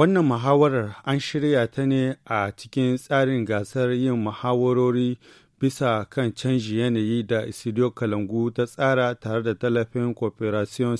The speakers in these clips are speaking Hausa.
Wannan muhawarar an shirya ta ne a cikin tsarin gasar yin muhawarori bisa kan canji yanayi da Isidio Kalangu ta tsara tare da tallafin Cooperation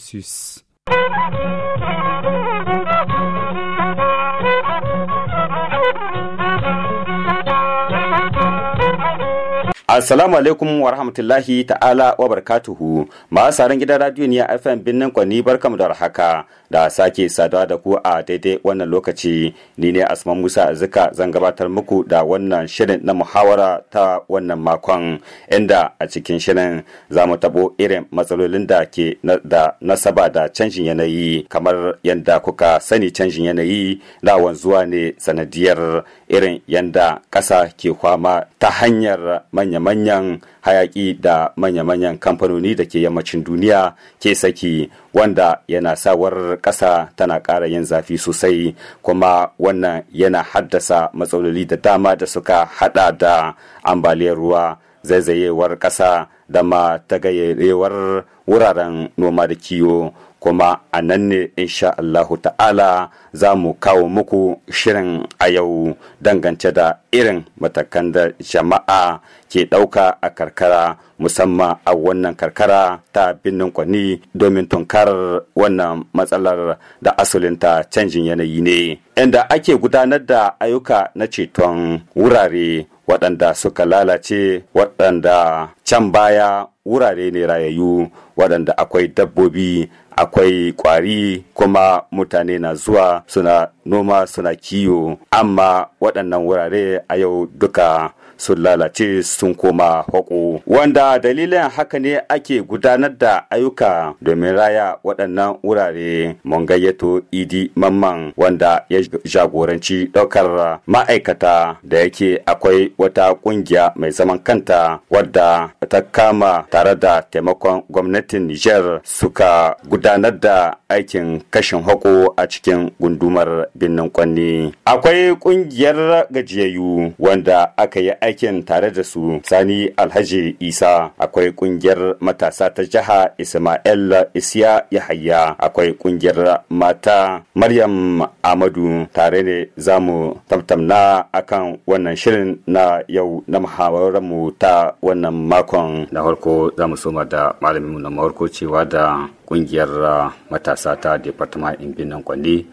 Assalamu alaikum wa rahmatullahi ta'ala wa barakatuhu. saran gidan radio ne a FM birnin Kwani barkamu da haka da sake saduwa da ku a daidai wannan lokaci. Ni ne Asman Musa Zika zan gabatar muku da wannan shirin na muhawara ta wannan makon inda a cikin shirin za mu tabo irin matsalolin da ke da nasaba da canjin yanayi kamar yadda kuka sani canjin yanayi na wanzuwa ne sanadiyar irin yanda ƙasa ke kwama ta hanyar manya-manyan hayaƙi da manya-manyan kamfanoni da ke yammacin duniya ke saki wanda yana sawar ƙasa tana ƙara yin zafi sosai kuma wannan yana haddasa matsaloli da dama da suka hada da ambaliyar ruwa zaizayewar ƙasa da ma tagayyarewar wuraren noma da kiwo kuma a nan ne insha Allahu ta'ala za mu kawo muku shirin a yau dangance da irin matakan da jama'a ke ɗauka a karkara musamman a wannan karkara ta binnin kwani domin tunkar wannan matsalar da asalinta canjin yanayi ne inda ake gudanar da ayyuka na ceton wurare waɗanda suka lalace waɗanda can baya wurare ne rayayyu waɗanda akwai dabbobi akwai kwari kuma mutane na zuwa suna noma suna kiyo amma waɗannan wurare a yau duka sun lalace sun koma haƙo wanda dalilin haka ne ake gudanar da ayyuka domin raya waɗannan wurare mun gayyato idi mamman wanda ya jagoranci ɗaukar ma'aikata da yake akwai wata ƙungiya mai zaman kanta wadda ta kama tare da taimakon gwamnatin Nijar suka gudanar da aikin kashin hako a cikin gundumar birnin kwanni. Akwai ƙungiyar gajiyayyu wanda aka yi aikin tare da su Sani Alhaji Isa akwai kungiyar matasa ta jiha Ismail Isiya Yahaya akwai kungiyar mata Maryam Amadu tare ne zamu tamtamna akan wannan shirin na yau na muhawararmu ta wannan makon na farko za mu soma da malamin na cewa da kungiyar uh, matasa ta departement in birnin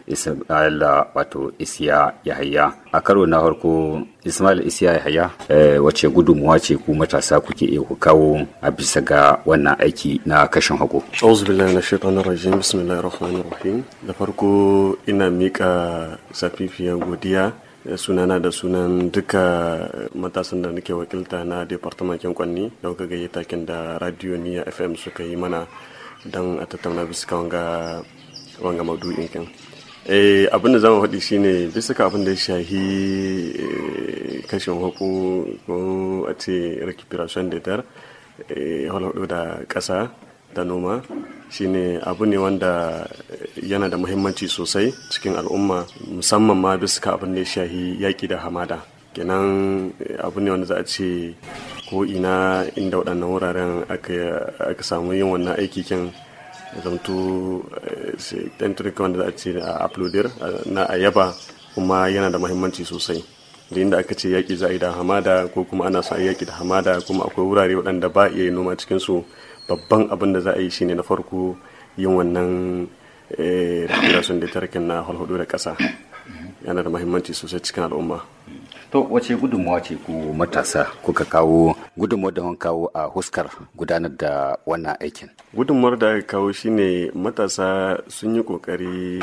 ismail uh, wato isiya yahaya a karo na farko ismail isiya yahaya eh, wace gudunmuwa ce ku matasa kuke iya ku kawo a bisa ga wannan aiki na kashin hago auzubillahi na shaitanir rajim bismillahir rahmanir rahim da farko ina mika safifiyar godiya eh, sunana da sunan duka eh, matasan da nake wakilta na departamentin kwanni da kuka gayyata takin da radio niya fm suka yi mana don a tattauna bisa ka wanga wanga maudu'in kan eh abin da zama faɗi shine bisa ka abin da ya shahi eh, kashin hako ko a ce recuperation de terre halhaɗo eh, da ƙasa da noma shine abu ne wanda yana da muhimmanci sosai cikin al'umma musamman ma bisa ka abin da ya shahi yaƙi da hamada kenan eh, abu ne wanda za a ce ko ina inda waɗannan wuraren aka samu yin wannan aiki kin zamto tentrika eh, wanda za a ce a uploader na ayaba kuma yana da mahimmanci sosai da inda aka ce yaƙi za a yi da hamada ko kuma ana sa yaƙi da hamada kuma akwai wurare waɗanda ba iya yi noma cikinsu babban abin da za a yi shine na farko yin wannan eh, da da tarkin na hulhudu da ƙasa yana da mahimmanci sosai cikin al'umma To wace gudunmawa ce ku matasa kuka kawo gudunmawar da kawo a huskar gudanar da wannan aikin? Gudunmawar da aka kawo shine matasa sun yi kokari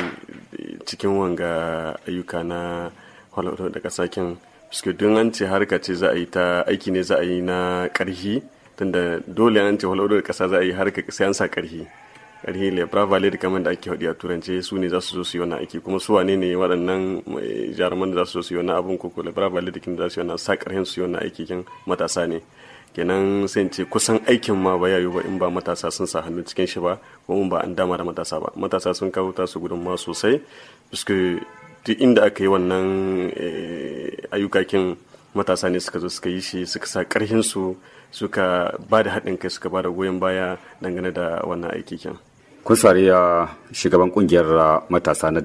cikin wanga ayyuka na halatar da kasakin suke don an ce harka ce za a yi ta aiki ne za a yi na karhi tunda dole an ce halatar da kasa za a yi harka sai an sa karhi ƙarfi lebra valeri kamar da ake haɗi a turance su ne za su zo su yi wani aiki kuma su wane ne waɗannan eh, jaruman da za su zo su yi wani abin koko lebra valeri kin da za su yi wani sa su yi wani aiki kin matasa ne kenan sai ce kusan aikin ma ba yayu ba in ba matasa sun sa hannu cikin shi ba ko in ba an dama da matasa ba matasa sun kawo ta gudun ma sosai puisque duk inda aka yi wannan eh, kin matasa ne suka zo suka yi shi suka sa karhin su suka ba da haɗin kai suka ba da goyon baya dangane da wannan aiki kyan. kun sare uh, shugaban kungiyar uh, matasa na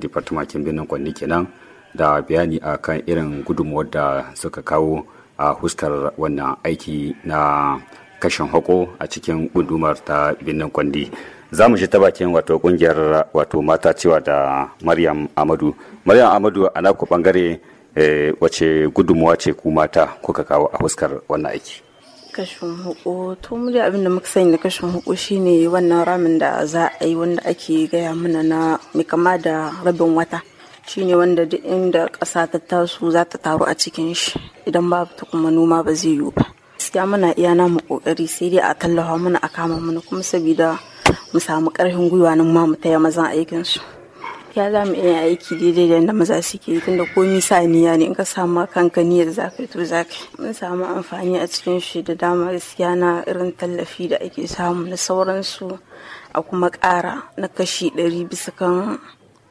kin birnin kwanni kenan da bayani a kan irin gudunmuwar da suka kawo a huskar wannan aiki na kashin hako a cikin gundumar ta binnin kwandi za mu shi ta bakin wato kungiyar uh, wato mata cewa da maryam amadu maryam amadu a naku bangare eh, wace gudunmuwa ce ku mata kuka kawo a huskar wannan aiki kashin huku to mu dai abinda muka sani da kashin huku shine wannan ramin da za a yi wanda ake gaya mana na mai kama da rabin wata shine wanda duk inda ƙasa ta taso za ta taru a cikin shi idan babu ta kuma noma ba zai yiwu ba gaskiya muna iya namu kokari sai dai a tallafa mana a kama mana kuma sabida mu samu ƙarfin gwiwa nan ma mu taya mazan aikin su ya za mu iya aiki daidai da yadda maza suke yi tunda komi saniya ne in ka samu kanka niyyar za ka to za ka mun samu amfani a cikin shi da dama gaskiya na irin tallafi da ake samu na sauransu a kuma ƙara na kashi ɗari bisa kan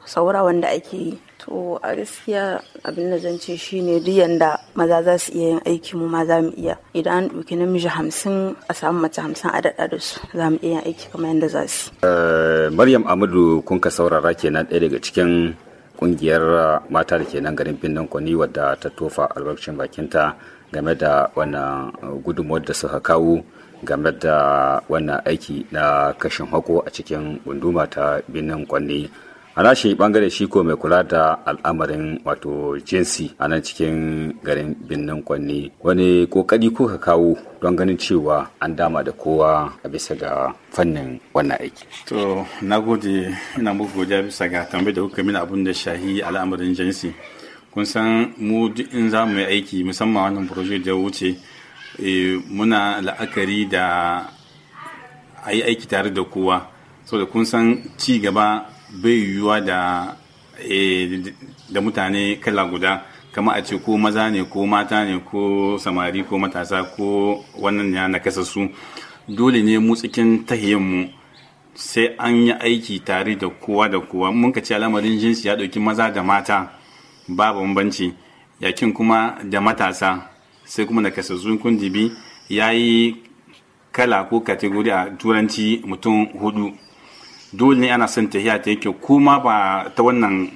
saura wanda ake yi To a gaskiya abin da zan ce shine duk yanda maza za su iya yin aiki mu ma za mu iya. Idan an ɗauki namiji hamsin a samu mace hamsin a daɗa da su za mu iya aiki kamar yadda za su. Eh, Maryam Amadu kun ka saurara kenan ɗaya daga cikin kungiyar mata da ke nan garin Bindon Kwani wadda ta tofa albarkacin bakinta game da wannan gudunmuwar da suka kawo game da wannan aiki na kashin hako a cikin gunduma ta Bindon Kwani. ana shi bangare shi ko mai kula da al'amarin wato jinsi a nan cikin garin binnin kwanni wani kokari ka kawo don ganin cewa an dama da kowa a bisa ga fannin wannan aiki to na gode ina muku godiya bisa ga tambayi da kuka mini abun da shahi al'amarin jinsi kun san mu duk in za mu yi aiki musamman wannan proje da wuce eh, muna la'akari da a yi aiki tare da kowa saboda kun san ci gaba bai yiwuwa eh, da mutane kala guda kama a ce ko maza ne ko mata ne ko samari ko matasa ko wannan ya nakasa su dole ne mu cikin mu sai an yi aiki tare da kowa da kowa mun ka ce al'amarin jinsi ya ɗauki maza da mata ba bambanci yakin kuma da matasa sai kuma nakasassun kundibi ya yi kala ko kategori a turanci mutum hudu dole ne ana son tahiya ta yake kuma ba ta wannan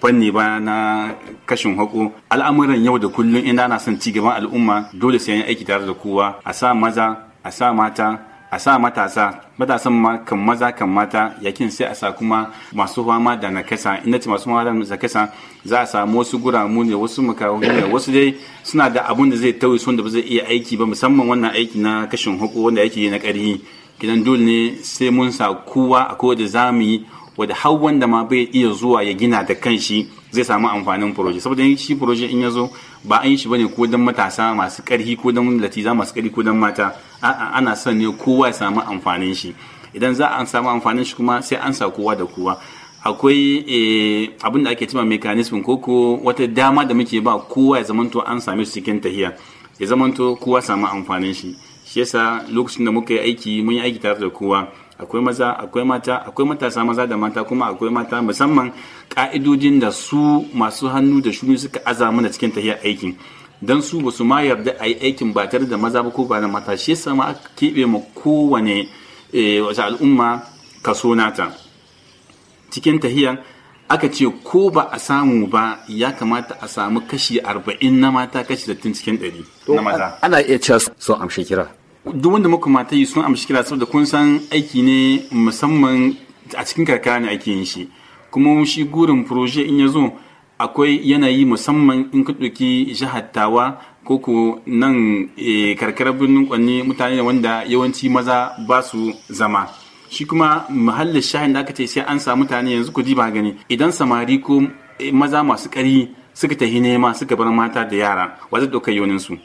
fanni ba na kashin haƙo al'amuran yau da kullum inda ana son gaban al'umma dole sai an aiki tare da kowa a sa maza a sa mata a sa matasa matasan ma kan maza kan mata yakin sai a sa kuma masu fama da nakasa inda ce masu fama da nakasa za a samu wasu guramu ne wasu makawu ne wasu dai suna da abun da zai tauye son da ba zai iya aiki ba musamman wannan aiki na kashin hako wanda yake na ƙarhi Idan dole ne sai mun sa kowa a kowa da za mu yi wadda har wanda ma bai iya zuwa ya gina da kanshi zai samu amfanin proje saboda shi proje in ya zo ba an yi shi bane ko don matasa masu karhi ko don latiza masu karhi ko don mata a'a ana son ne kowa ya samu amfanin shi idan za a samu amfanin shi kuma sai an sa kowa da kowa akwai eh, abin da ake cima mekanismin ko ko wata dama da muke ba kowa ya zamanto an same su cikin tahiya ya zamanto kowa samu amfanin shi shi yasa lokacin da muka yi aiki mun yi aiki tare da kowa akwai maza akwai mata akwai matasa maza da mata kuma akwai mata musamman ka'idojin da su masu hannu da shuni suka aza mana cikin tahiyar aikin dan su ba su ma yarda a yi aikin ba tare da maza ba ko ba da mata shi yasa ma aka keɓe ma kowane eh, wata al'umma kaso nata cikin tahiya aka ce ko ba a samu ba ya kamata a samu kashi arba'in na mata kashi 60 cikin ɗari na maza ana iya cewa sun amshi kira duk wanda muka mata yi sun amshi kira saboda kun san aiki ne musamman a cikin karkara ne ake yin shi kuma shi gurin proje in ya zo akwai yanayi musamman in ka ɗauki jihar tawa ko ko nan eh, karkarar birnin kwanne mutane ne wanda yawanci maza ba su zama shi kuma muhallin shahin da aka ce sai an samu mutane yanzu ku ba gani idan samari ko eh, maza masu ƙari suka tafi nema suka bar mata da yara wa zai ɗauka su.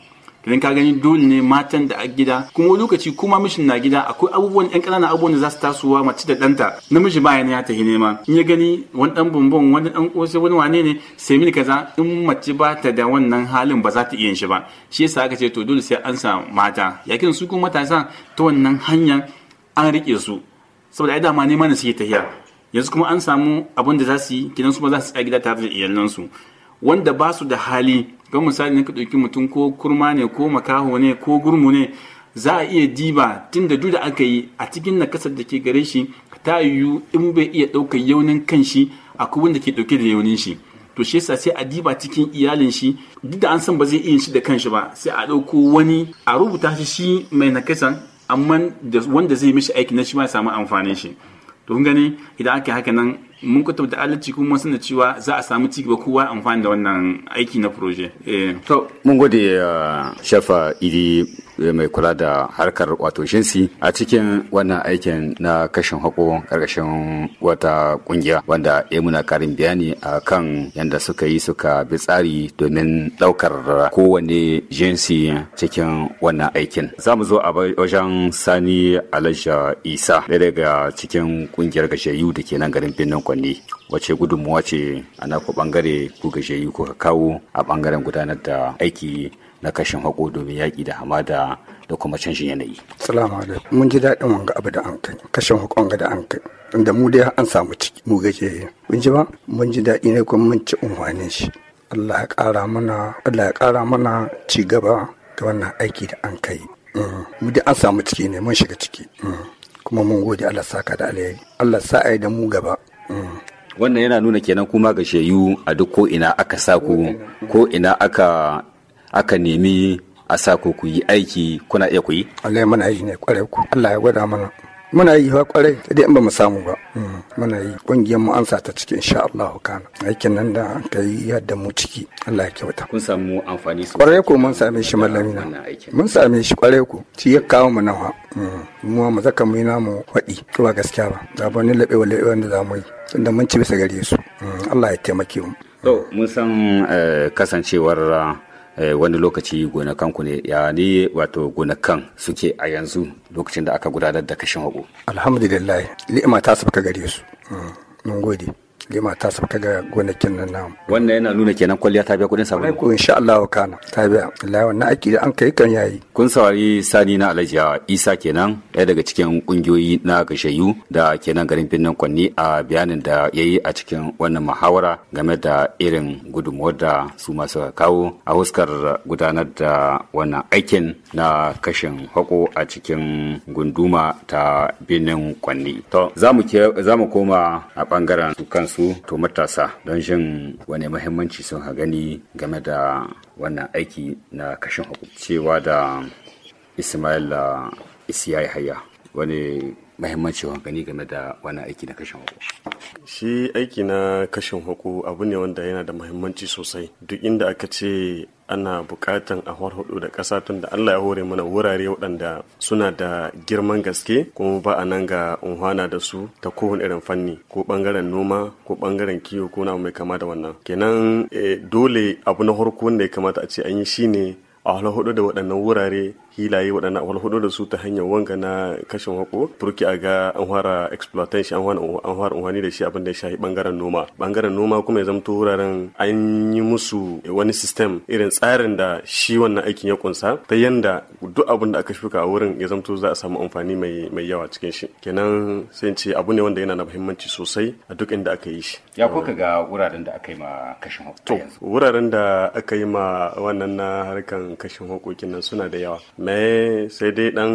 don ka gani dole ne matan da a gida kuma lokaci kuma mishin na gida akwai abubuwan yan kananan abubuwan da za su tasowa mace da danta namiji ba ne ya tafi nema in ya gani wani dan bumbun wani dan kosai wani wane ne sai mini kaza in mace ba ta da wannan halin ba za ta iya shi ba shi yasa aka ce to dole sai an sa mata yakin su kuma matasa ta wannan hanyar an rike su saboda ai dama nema ne suke tafiya yanzu kuma an samu abin da za su yi gidan su ba za su tsaya gida tare da iyalansu wanda ba su da hali don misali ne ka ɗauki mutum ko kurma ne ko makaho ne ko gurmu ne za a iya diba tun da da aka yi a cikin nakasa da ke gare shi ta yiwu in bai iya ɗaukar yaunin kan shi kubin da ke ɗauke da yaunin shi to shi yasa sai a diba cikin iyalin shi duk da an san ba zai iya shi da kanshi ba sai a ɗauko wani a rubuta shi shi mai nakasan amma wanda zai mishi aiki na shi ma ya samu amfanin shi to gani idan aka haka nan mun kwatanta adalci kuma mun cewa za a samu ci gaba kowa amfani da wannan aiki na proje. Eh. to mun gode eh, shafa idi mai kula da harkar wato jinsi a cikin wannan aikin na kashin hako karkashin wata kungiya wanda ya muna karin bayani a kan yadda suka yi suka bi tsari domin daukar kowane jinsi cikin wannan aikin za mu zo a wajen sani alasha isa ɗaya daga cikin kungiyar gajiyayu da ke nan garin birnin kwanne wace gudunmuwa ce ana ku bangare ku gajiyayu kuka kawo a bangaren gudanar da aiki na kashin haƙo domin yaƙi da hamada da kuma canjin yanayi. Salamu alaikum. Mun ji daɗin wanga abu da an kai, kashin haƙon wanga da an kai. Inda mu dai an samu ciki mu gaje. Mun ji ba? Mun ji daɗi ne kuma mun ci unwanin shi. Allah ya ƙara mana, Allah ya ƙara mana ci gaba ga wannan aiki da an kai. Mm. Mu dai an samu ciki ne mun shiga ciki. Mm. Kuma mun gode Allah saka da alheri. Allah sa ai da mu gaba. Mm. Wannan yana nuna kenan kuma ga shayu a duk ko ina aka sa ku ko ina aka aka nemi a sa ku ku yi aiki kuna iya ku yi? Allah mana yi ne kware ku. Allah ya gwada mana. Muna yi wa kware sai dai in ba mu samu ba. Mm, muna yi kungiyar mu an ta cikin insha Allah kana. Aikin nan da an kai yadda mu ciki. Allah ya kyauta. Kun samu amfani su. Kware ku mun same shi mallami na. Mun same shi kware ku. ci ya kawo mu nawa. Mm, mu ma zaka mu yi namu faɗi. Ba gaskiya ba. Da ba ni labe wa labe wanda za mu yi. Tunda mun ci bisa gare su. Mm, Allah ya taimake mu. To mun san eh, kasancewar Eh, wani lokaci gonakanku ne ya ni wato gonakan suke a yanzu lokacin da aka gudanar da kashin haƙo. alhamdulillah li'ima ta sabka gare su mm, mun gode lima ta sabka ga gonakin nan na wannan yana nuna kenan kwalliya ta biya kudin sabon ko insha Allah kana ta biya Allah wannan aiki da an kai kan yayi kun saurari sani na Alhaji Isa kenan ɗaya daga cikin kungiyoyi na gashayu da kenan garin binnan Kwanni a bayanin da yayi a cikin wannan muhawara game da irin gudunmuwar da su masu kawo a huskar gudanar da wannan aikin na kashin hako a cikin gunduma ta Binnin Kwanni to za mu koma a bangaren kansu su to matasa don jin wani mahimmanci sun ha gani game da wannan aiki na kashin hukum cewa da ismaila isiyai haya wani mahimmancin hankali game da wani aiki na kashin hako? Shi aiki na kashin hako abu ne wanda yana da mahimmanci sosai. Duk inda aka ce ana bukatan a hudu da ƙasa tun da Allah ya hore mana wurare waɗanda suna da girman gaske kuma ba a nan ga unhwana da su ta kowane irin fanni ko bangaren noma ko bangaren kiwo ko na mai kama da wannan kenan eh, dole abu na harko wanda ya kamata a ce an yi shine a hudu da waɗannan wurare hilaye waɗannan walhudu da su ta hanyar wanga na kashin hako furki a ga an fara exploitation an fara amfani da shi abin da ya shafi bangaren noma bangaren noma kuma ya zamto wuraren an yi musu wani system irin tsarin da shi wannan aikin ya kunsa ta yanda duk abin da aka shuka a wurin ya zamto za a samu amfani mai mai yawa cikin shi kenan sai ce abu ne wanda yana da muhimmanci sosai a duk inda aka yi shi ya kuka ga wuraren da aka yi ma kashin hako to wuraren da aka yi ma wannan na harkan kashin hakokin nan suna da yawa mai sai dai dan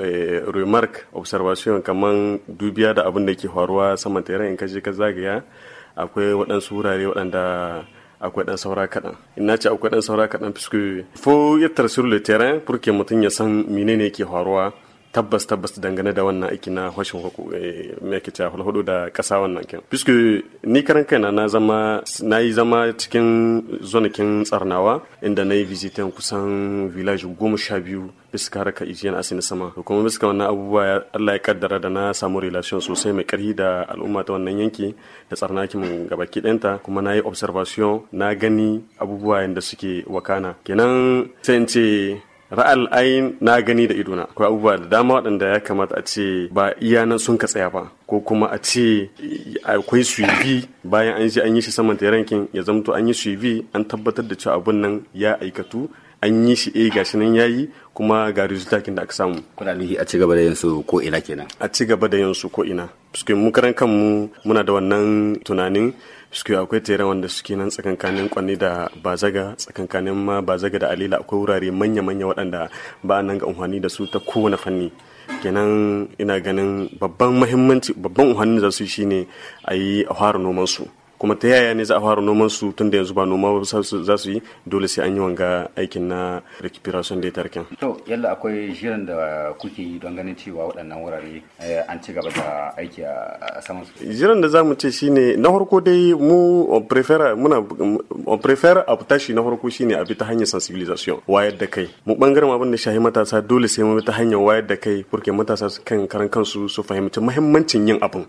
eh, remark observation kaman dubiya da abin da ke faruwa saman teren in kaje ka zagaya akwai waɗansu wurare waɗanda akwai dan saura kaɗan ina ce akwai dan saura kaɗan fiske fo ya tarsir le terrain pour que mutum ya san menene yake faruwa tabbas tabbas dangane da wannan aiki na hoshin huku eh, mai ake a hulhudu da ƙasa wannan kin puisque ni karan kaina na zama na yi zama cikin zonakin tsarnawa inda na yi visitin kusan village goma sha biyu bisa harka ijiyan asini sama da kuma bisa wannan abubuwa Allah ya kaddara da na samu relation sosai mai karhi da al'umma ta wannan yanki da tsarnakin gabaki ɗanta kuma na yi observation na gani abubuwa yadda suke wakana kenan sai in ce ra'al ayin na gani da idona akwai abubuwa da dama waɗanda ya kamata a ce ba iya nan sun ka tsaya ba ko kuma a ce akwai suivi bayan an je an yi shi saman rankin ya zamto an yi suivi an tabbatar da cewa abun nan ya aikatu an yi shi eh gashi nan yayi kuma ga resultakin da aka samu kuna a ci gaba da yansu ko ina kenan a ci gaba da yansu ko ina suke mu karan kanmu muna da wannan tunanin suke akwai tera wanda suke nan tsakankanin kwanne da bazaga tsakankanin ma bazaga da alila akwai wurare manya-manya waɗanda ba nan ga umarni da su ta kowane fanni kenan ina ganin babban mahimmanci babban umarni da su shine a yi a fara noman su kuma ta yaya ne za a fara noman su tun da yanzu ba noma za su yi dole sai an yi wanga aikin na recuperation da ya tarkin. to yalla akwai shirin da kuke yi don ganin cewa waɗannan wurare eh, an ci gaba da aiki a saman su. jiran da za mu ce shine na farko dai mu on prefer a tashi na farko shine a bi ta hanyar sensibilisation wayar da kai mu bangaren abin da shahi matasa dole sai mu bi ta hanyar wayar da kai furke matasa su kan karan kansu su fahimci muhimmancin yin abin.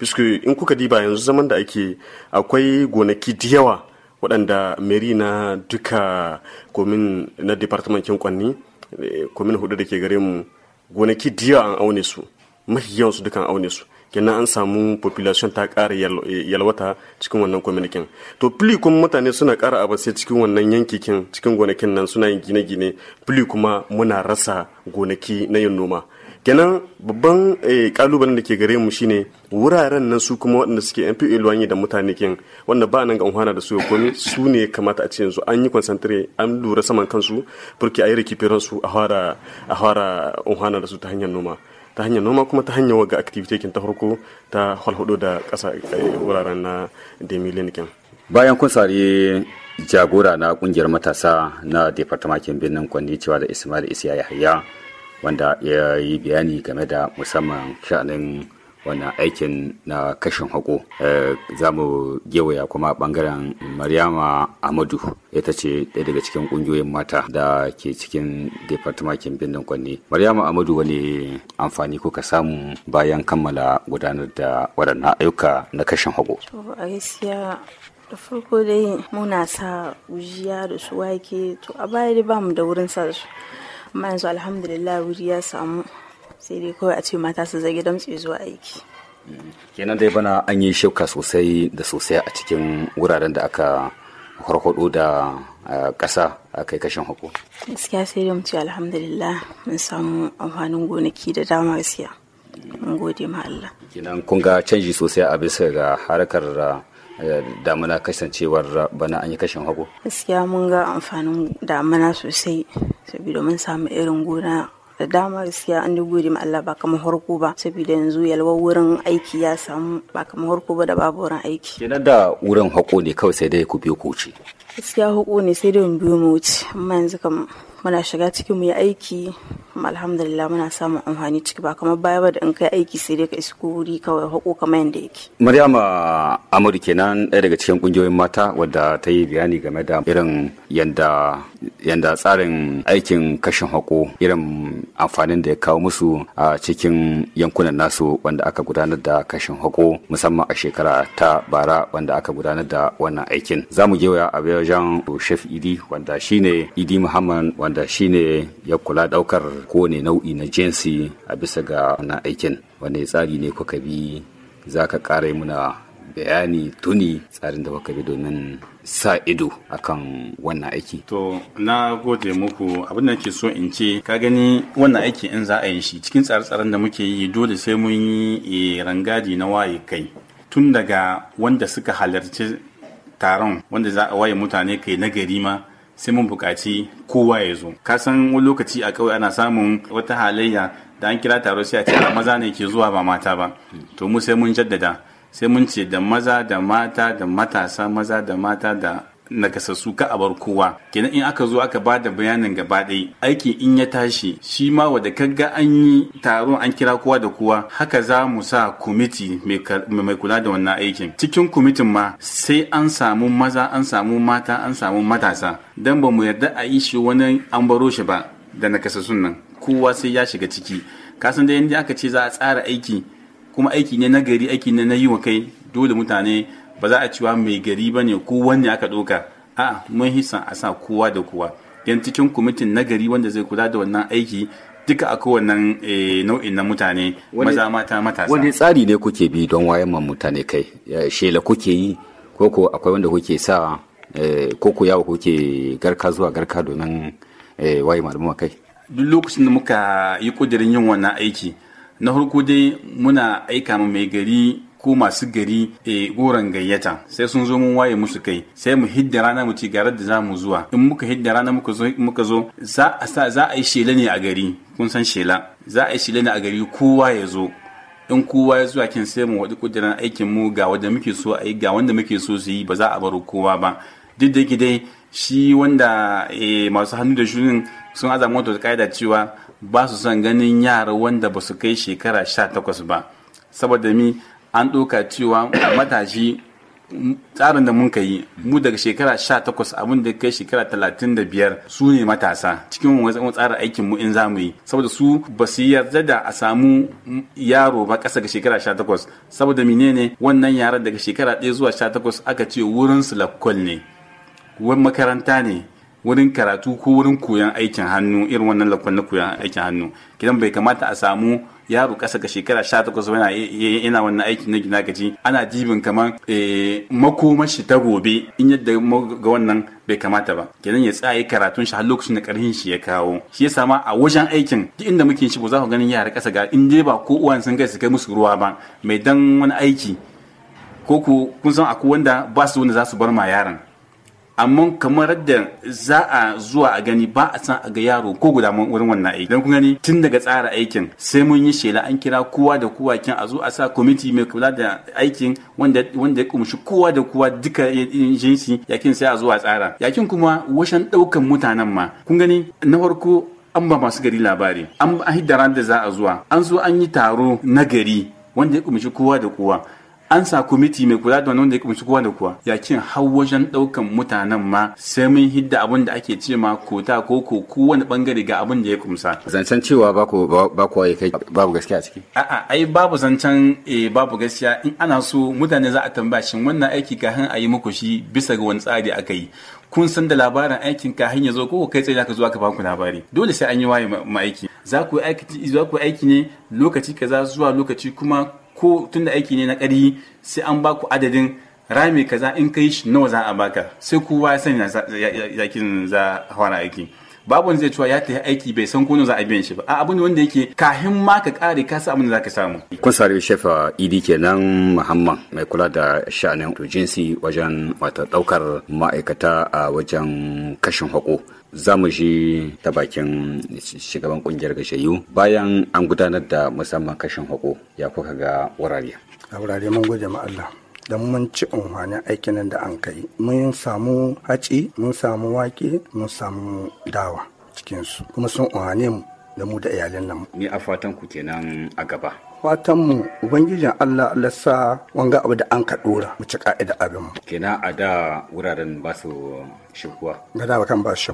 Biske in kuka diba yanzu zaman da ake akwai gonaki da yawa waɗanda meri na duka komin na kin kwanni eh, komin hudu da ke gare mu gonaki da yawa an aune su mafi yawan su dukan aune su kenan an samu population ta ƙara eh, yalwata cikin wannan kwaminikin to fili kuma mutane suna ƙara abasai cikin wannan yankikin cikin gonakin nan suna yin gine-gine fili kuma muna rasa gonaki na yin noma kenan babban eh, kalubalen da ke gare mu shine wuraren nan su kuma waɗanda suke yan fiye wanye da mutane kin wanda ba nan ga unhana da su komi su ne kamata a ce yanzu an yi concentrate an lura saman kansu burki a yi rikifiran su a fara a unhana da su ta hanyar noma ta hanyar noma kuma ta hanyar waga activity kin ta farko ta halhudo da ƙasa eh, wuraren na demilin kin bayan kun sari jagora na kungiyar matasa na departamakin birnin kwanni cewa da ismail isiya yahaya wanda ya yi bayani game da musamman sha'anin wannan aikin na kashin hako eh, za mu gewaya kuma bangaren maryama amadu ita ce ɗaya daga cikin ƙungiyoyin mata da ke cikin departamakin birnin kwanne maryama amadu wani amfani kuka samu bayan kammala gudanar da waɗannan ayyuka na kashin hako da farko dai muna sa gujiya da su wake to a baya dai ba mu da wurin sa su amma yanzu alhamdulillah wuri ya samu sai dai kawai a ce mata su zage damtse zuwa aiki kenan dai bana an yi shauka sosai da sosai a cikin wuraren da aka harhaɗo da ƙasa a kai kashin hako gaskiya sai dai mutu alhamdulillah mun samu amfanin gonaki da dama gaskiya mun gode ma Allah kenan kun ga canji sosai a bisa ga harkar Eh, damuna kasancewar bana an yi kashin hagu? Gaskiya mun ga amfanin damuna sosai saboda mun samu irin gona da dama gaskiya an gode ma Allah ba kamar harko ba saboda yanzu yalwar wurin aiki ya samu ba kamar harko ba da babu wurin aiki. Kenan da wurin hako ne kawai sai dai ku biyo ku ce? Gaskiya hako ne sai dai mu biyo mu wuce amma yanzu kam muna shiga cikin mu yi aiki alhamdulillah muna samun amfani ciki ba kamar baya ba da in kai aiki sai dai ka isko wuri kawai hako kamar yadda yake. Maryama Amadu kenan ɗaya daga cikin ƙungiyoyin mata wadda ta yi bayani game da irin yanda tsarin aikin kashin hako irin amfanin da ya kawo musu a cikin yankunan nasu wanda aka gudanar da kashin hako musamman a shekara ta bara wanda aka gudanar da wannan aikin. Za mu gewaya a bayan Shef Idi wanda shine Idi Muhammad wanda ne ya kula daukar kowane nau'i na jinsi a bisa ga na aikin wani tsari ne kuka bi za ka kara muna bayani tuni tsarin da kuka bi domin sa ido akan wannan aiki. To na gode muku abin da ke so in ce ka gani wannan aiki in za a yi shi cikin tsare-tsaren da muke yi dole sai mun yi eh, rangadi na waye kai tun daga wanda suka halarci taron wanda za a waye mutane kai na gari ma sai mun bukaci kowa ya zo ka san wani lokaci a ƙauye ana samun wata halayya da an kira taro sai a ce a maza ne ke zuwa ba mata ba to mu sai mun jaddada sai mun ce da maza da mata da matasa maza da mata da nakasassu ka a bar kowa kenan in aka zo aka ba da bayanin gaba ɗaya aikin in ya tashi shi ma wadda ga an yi taron an kira kowa da kowa haka za mu sa kwamiti mai kula da wannan aikin cikin kwamitin ma sai an samu maza an samu mata an samu matasa don ba mu yarda a yi shi wani an baro shi ba da nakasassun nan kowa sai ya shiga ciki kasan da yadda aka ce za a tsara aiki kuma aiki ne na gari aiki ne na yi wa kai dole mutane ba za a cewa mai gari ba ne ko wanda aka ɗauka a mun hisa a sa kowa da kowa yan cikin kwamitin na gari wanda zai kula da wannan aiki duka a kowannan eh, nau'in na mutane maza mata matasa wani tsari ne kuke bi don wayan mutane kai shela kuke yi ko ko akwai wanda kuke sa eh, ko ko yawo kuke garka zuwa garka domin eh, waye malama kai duk lokacin da muka yi kudirin yin wannan aiki na farko dai muna aika ma mai gari ko masu gari e goron gayyata sai sun zo mun waye musu kai sai mu hidda rana mu ci garar da zamu zuwa in muka hidda rana muka zo zo za a za yi shela ne a gari kun san shela za a yi shela ne a gari kowa ya zo in kowa ya zuwa kin sai mu wadi kudiran aikin mu ga wanda muke so a yi ga wanda muke so su yi ba za a baro kowa ba duk da dai shi wanda eh, masu hannu da shunin sun azama wato da kaida cewa ba su son ganin yara wanda ba su kai shekara 18 ba saboda mi an ɗauka cewa matashi tsarin da mun yi mu daga shekara 18 abin da kai shekara 35 su ne matasa cikin wani tsara aikin mu in zamu yi saboda su ba su yarda da a samu yaro ba ƙasa ga shekara 18 saboda menene wannan yaran daga shekara 1 zuwa 18 aka ce wurin su lakkol ne wurin makaranta ne wurin karatu ko wurin koyon aikin hannu irin wannan lakkol na koyon aikin hannu kidan bai kamata a samu yaro kasa ga shekara 18 yana yana wannan aiki na gina gaji ana dibin kaman eh, makomashi ta gobe in yadda ga wannan bai kamata ba kenan ya tsaye karatun shi har lokacin da karhin shi ya kawo shi yasa ma a wajen aikin duk inda muke shi ba za ku ganin yara kasa ga in dai ba ko uwan sun kai su kai musu ruwa ba mai dan wani aiki ko ku kun san akwai wanda ba su wanda za su bar ma yaran amma kamar da za a zuwa a gani ba a san a ga yaro ko guda wurin wannan aiki don kun gani tun daga tsara aikin sai mun yi shela an kira kowa da kowa kin a zo a sa kwamiti mai kula da aikin wanda wanda ya kumshi kowa da kowa duka jinsi yakin sai a zo a tsara yakin kuma washan daukan mutanen ma kun gani na farko an ba masu gari labari an hidda da za a zuwa an zo an yi taro na gari wanda ya kumshi kowa da kowa an sa kwamiti mai kula da wanda ya kumshi kowa da ya yakin hau wajen daukan mutanen ma sai mun hidda abin da ake ce ma kota ko ko kowane bangare ga abin da ya kumsa zancen cewa ba ku ba kai babu gaskiya a ciki a'a ai babu zancen eh babu gaskiya in ana so mutane za a tambaya shin wannan aiki kafin a yi muku shi bisa ga wani tsari aka yi kun san da labarin aikin ka hanya zo ko kai tsaye zaka zo aka baku labari dole sai an yi waye ma aiki za ku aiki za ku aiki ne lokaci kaza zuwa lokaci kuma ko da aiki ne na ƙari sai an baku adadin rami kaza in kai shi nawa za a baka sai kowa ya sani yakin za a fara aiki babu wanda zai cewa ya yi aiki bai san ko za a biyan shi ba abu ne wanda yake kahin ma ka kare ka sa abin da za ka samu kun sare shefa idi kenan muhammad mai kula da sha'anin jinsi wajen wata daukar ma'aikata a wajen kashin hako za mu shi ta bakin shugaban kungiyar gashayu bayan an gudanar da musamman kashin hako ya kuka ga wurare a wurare mun gode ma Allah don mun ci amfanin aikin nan da an kai mun samu haci mun samu wake mun samu dawa cikinsu kuma sun amfane mu da mu da iyalan nan ni a fatan ku kenan a gaba fatan mu ubangijin Allah Allah wanga abu da an ka dora mu ci ka'ida abin mu kenan a da wuraren ba su shakuwa? ga da kan ba su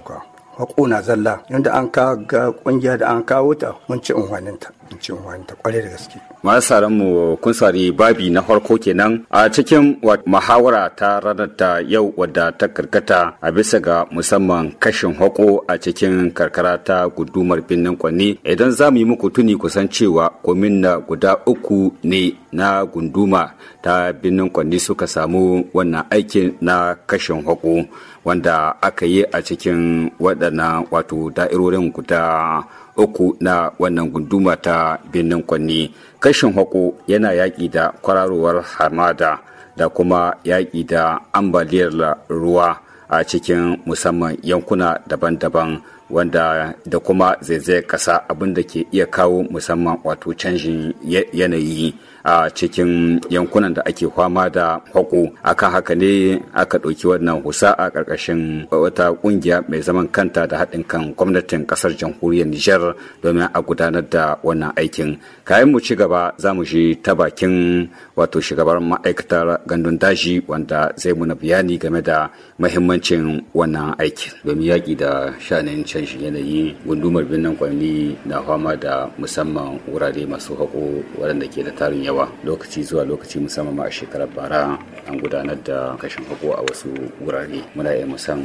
hakuna na zalla yadda an ka ga kungiya da an kawo ta mun ci unwaninta mun ci unwaninta kwarai da gaske. Masu mu kun sari babi na farko kenan a cikin muhawara ta ranar ta yau wadda ta karkata a bisa ga musamman kashin hako a cikin karkara ta gudumar birnin kwanne idan za mu yi muku tuni kusan cewa na guda uku ne na gunduma ta birnin kwanne suka samu wannan aikin na kashin hako wanda aka yi a cikin waɗannan wato da'irorin guda uku na wannan gunduma ta birnin kwanni kashin hako yana yaƙi da kwararowar hamada da kuma yaƙi da ambaliyar ruwa a cikin musamman yankuna daban-daban wanda da kuma zaizayar ƙasa abinda ke iya kawo musamman wato canjin yanayi a cikin yankunan da ake fama da hako akan haka ne aka ɗauki wannan husa a ƙarƙashin wata ƙungiya mai zaman kanta da haɗin kan gwamnatin ƙasar jamhuriyar Nijar domin a gudanar da wannan aikin. Kayan mu ci gaba za mu shi ta bakin wato shugabar ma'aikatar gandun daji wanda zai muna bayani game da mahimmancin wannan aiki domin yaƙi da sha'anin canjin yanayi gundumar birnin kwanni na fama da musamman wurare masu haƙo waɗanda ke da tarin yawa lokaci zuwa lokaci musamman ma a shekarar bara an gudanar da kashin haƙo a wasu wurare muna iya musan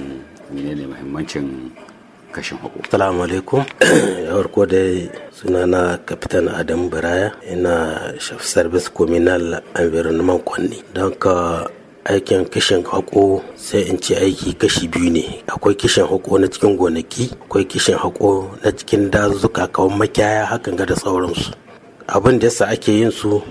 menene mahimmancin kashin haƙo. Salamu alaikum. Yawar ko dai sunana Kapitan Adamu Baraya ina shaf service communal environment kwanni. Don ka aikin kishin hako sai in ce aiki kashi biyu ne akwai kishin hako na cikin gonaki akwai kishin hako na cikin dazuka kawai makiyaya hakan ga da sauransu abin da yasa ake yin su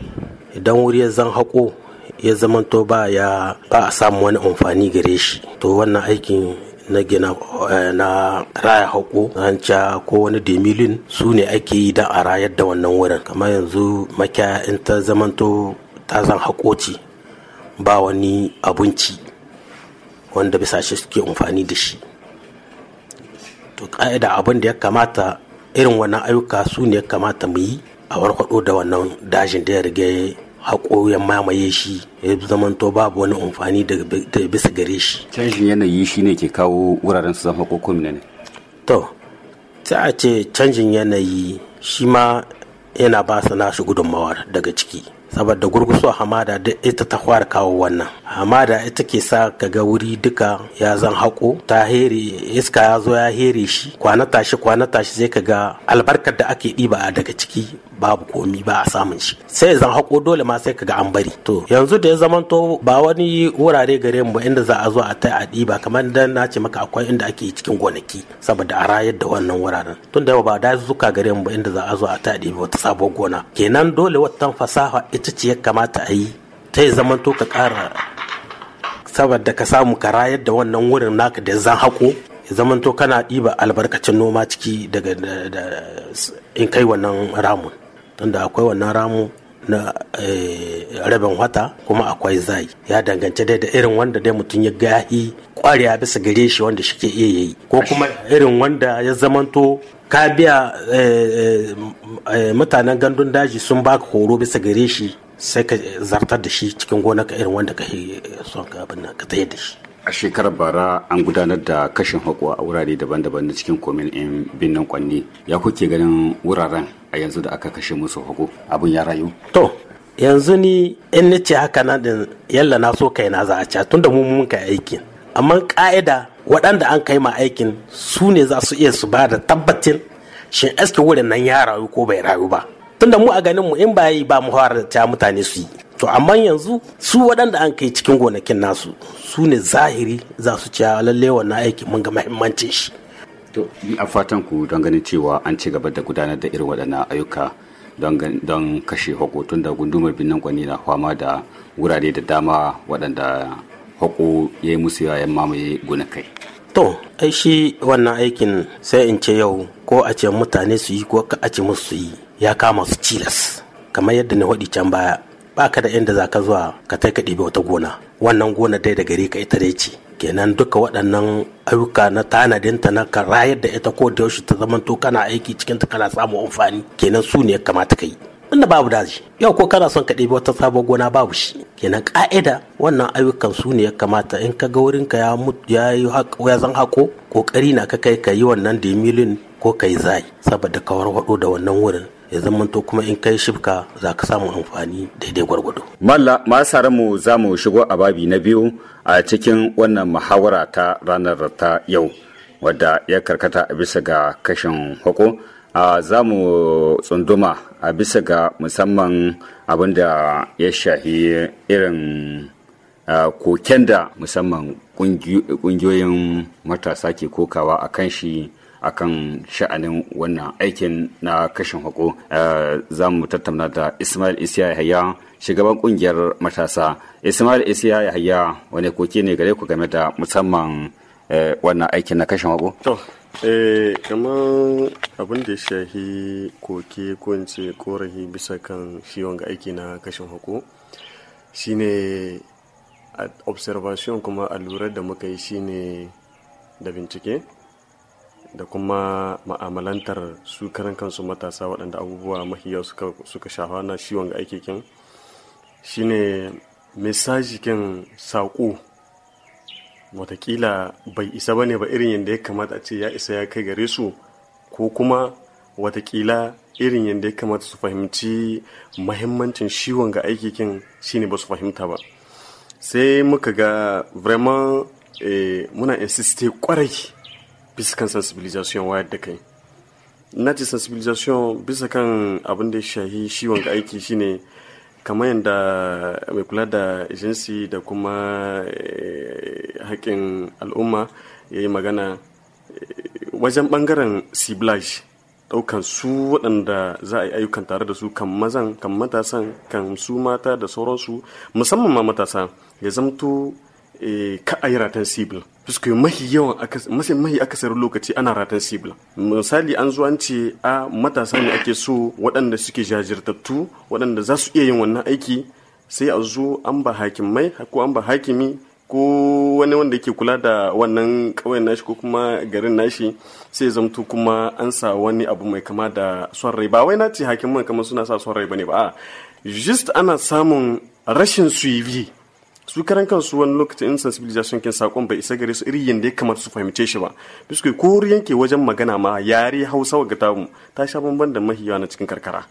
idan wuri ya zan hako ya zamanto ba ya ba a samu wani amfani gare shi to wannan aikin na gina eh, na raya hako ca ko wani demilin su ne ake yi don a rayar da wannan wurin kamar yanzu makiyaya in ta zamanto ta zan hakoci ba wani abinci wanda bisa shi suke amfani da shi to ka'ida abin da ya kamata irin wannan ayyuka su ne ya kamata mu yi a warkwado da wannan dajin da ya riga haƙo ya mamaye shi ya zamanto babu wani amfani da bisa gare shi canjin yanayi shi ne ke kawo wuraren su zama ne to sai a ce canjin yanayi shi ma yana ba su nasu gudunmawar daga ciki saboda gurgusuwa hamada duk ita ta fara kawo wannan hamada ita ke sa kaga wuri duka ya zan haƙo ta heri iska ya zo ya heri shi kwana tashi kwana tashi zai kaga albarkar da ake ɗiba a daga ciki babu komi ba a samun shi sai zan haƙo dole ma sai kaga an bari to yanzu da ya zamanto ba wani wurare gare mu inda za a zo a ta a ɗiba kamar da na ce maka akwai inda ake cikin gonaki saboda a rayar da wannan wuraren tun da ba da zuka gare mu inda za a zo a ta a ɗiba wata sabuwar gona kenan dole wata fasaha ita ce ya kamata a yi ta ya zaman to ka kara saboda ka samu ka rayar da wannan wurin naka da zan hako ya zaman to kana ɗiba albarkacin noma ciki daga in kai wannan ramun tunda akwai wannan ramu na eh, rabin wata kuma akwai zai ya danganci dai da irin wanda dai mutum ya gahi kwarewa bisa gare shi wanda shike iya yi ko kuma irin wanda ya zamanto ka biya eh, eh, mutanen gandun daji sun baka horo bisa gare shi sai ka zartar da shi cikin gonaka irin wanda ka son ka abin ka da shi a shekarar bara an gudanar da kashin haƙuwa a wurare daban-daban na cikin komin 'yan binnan kwanni ya kuke ganin wuraren yanzu da aka kashe musu hago abin ya rayu to yanzu ni in ni ce haka na din yalla na so kai na za a ca tunda mu mun kai aikin amma ka'ida waɗanda an kai ma aikin su ne za su iya su ba da tabbacin shin aski wurin nan ya rayu ko bai rayu ba tunda mu a ganin mu in ba yi ba mu ta mutane su yi to amma yanzu su waɗanda an kai cikin gonakin nasu su ne zahiri za su ciya lalle wannan aiki mun ga muhimmancin shi to yi a fatan ku don ganin cewa an ci gaba da gudanar da irin waɗannan ayyuka don kashe hukutun da gundumar binnan kwani na fama da wurare da dama waɗanda hako ya yi musu yayan mamaye kai to ai shi wannan aikin sai in ce yau ko a ce mutane su yi ko a ce musu su yi ya kama su cilas kamar yadda na waɗi can baya ba ka da inda za ka zuwa ka kai ka ɗibi wata gona wannan gona dai da gare ka ita dai ce kenan duka waɗannan ayyuka na tanadinta na ka rayar da ita ko da yaushe ta zama to kana aiki cikin ta kana samu amfani kenan su ne ya kamata ka yi inda babu daji yau ko kana son ka ɗebi wata sabon gona babu shi kenan ka'ida wannan ayyukan su ne ya kamata in ka ga wurinka ya ya yi ya zan hako kokari na ka kai ka yi wannan demilin ko ka yi zai saboda ka warwado da wannan wurin ya zamanto kuma in kai shifka za ka samu amfani daidai gwargwado. Malla mu za mu shigo a babi na biyu a cikin wannan muhawara ta ranar ta yau wadda ya karkata a bisa ga kashin hako a za mu tsunduma a bisa ga musamman abin da ya shahi irin koken da musamman ƙungiyoyin matasa ke kokawa a kan shi akan sha'anin wannan aikin na kashin hako eh, za mu tattauna da ismail isiya yahaya shugaban kungiyar matasa ismail isiya yahaya wani koke ne gare ku game da musamman eh, wannan aikin na kashin hako eh kamar abin da ya shahi koke ko in bisa kan shi wanga aiki na kashin hako shine observation kuma a lura da muka yi shine da bincike da kuma ma'amalantar su karan kansu matasa waɗanda abubuwa mahiya suka, suka shafa na shi wanga aiki kin shine mesaji saƙo watakila bai isa bane ba irin yadda ya kamata ce ya isa ya kai gare su ko kuma watakila irin yadda ya kamata su fahimci mahimmancin shi wanga aiki kin shine ba su fahimta ba sai muka ga vraiment eh, muna insiste kwarai bisa kan sensibilization wayar da kai na ce sensibilization bisa kan abin da ya shahi shi wanga aiki shine kamar yadda mai kula da jinsi da kuma eh, haƙƙin al'umma ya yi magana eh, wajen ɓangaren siblage ɗaukan su waɗanda za a yi ayyukan tare da su kan mazan kan matasan kan su mata da sauransu musamman ma matasa ya zamto Eh, ka a yi ratan sibil fuskuyi mahi yawan mahi akasarin lokaci ana ratan sibil misali an zuwa ce a matasa ne ake so waɗanda suke jajirtattu waɗanda za su iya yin wannan aiki sai a zo an ba hakimai ko an ba hakimi ko wani wanda yake kula da wannan ƙauyen nashi ko kuma garin nashi sai zamto kuma an sa wani abu mai kama da son rai ba wai na ce hakiman kamar suna sa son rai bane ba a just ana samun rashin biyu su karan kansu wani lokacin in sensibilization kin sakon bai isa gare su iri yanda ya kamata su fahimce shi ba biskuit ko yanke wajen magana ma yare hausa ga ta ta sha bamban da mahiya na cikin karkara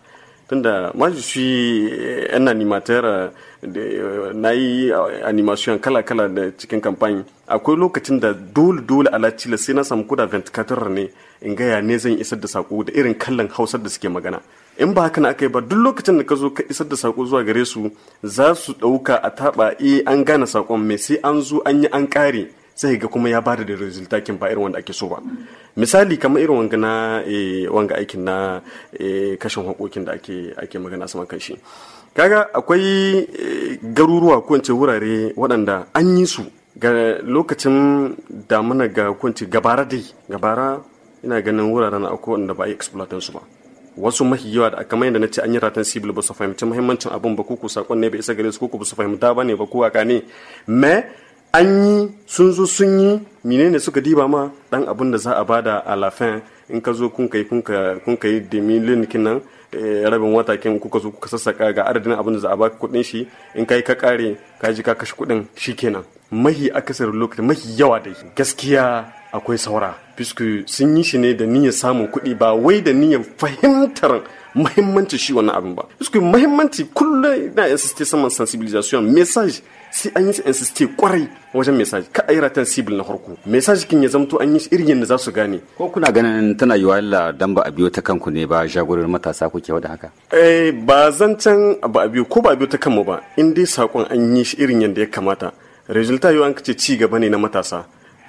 tunda ma shi eh, yan animateur eh, eh, na yi animation kala-kala da cikin kamfani akwai lokacin da dole-dole ala sai na samu kuda 24 ne in gaya ne zan isar da sako da irin kallon hausar da suke magana in ba haka na aka yi ba duk lokacin da ka zo ka isar da sako zuwa gare su za su ɗauka a taɓa e an gane sakon mai sai an zo an yi an ƙare sai ga kuma ya bada da resultakin ba irin wanda ake so ba misali kamar irin wanga na eh, wanga aikin na eh, kashin haƙoƙin da ake ake magana sama kan shi kaga akwai garuruwa ko wurare waɗanda an yi su ga lokacin damuna ga kunci gabara dai gabara ina ganin wuraren akwai wanda ba a yi su ba wasu mafi yawa da kamar yadda na ce an yi ratan civil ba su fahimci muhimmancin abun ba kuku sakon ne bai isa gare su kuku ba su fahimta ba ne ba kuwa ka ne me an yi sun zo sun yi menene suka diba ma dan abun da za a bada a lafin in ka zo kun kai kun kai nan eh, rabin wata kin kuka zo kuka sassaka ga adadin abin da za a baka kuɗin shi in kai ka kare ka ji ka kashe kuɗin shikenan mahi akasar lokaci mahi yawa da gaskiya akwai saura puisque sun yi shi ne da niyyar samun kuɗi ba wai da niyyar fahimtar mahimmanci shi wannan abin ba puisque mahimmanci kullum na insiste saman sensibilisation message sai an yi su insiste kwarai wajen message ka ayyara ratan sibil na farko message kin ya zamto an yi shi irin yadda za su gane ko kuna ganin tana yiwa la dan ba a biyo ta kanku ne ba jagorar matasa kuke wada haka eh ba can ba a biyo ko ba a biyo ta kanmu ba in dai sakon an yi shi irin yadda ya kamata resulta yau an kace ci gaba ne na matasa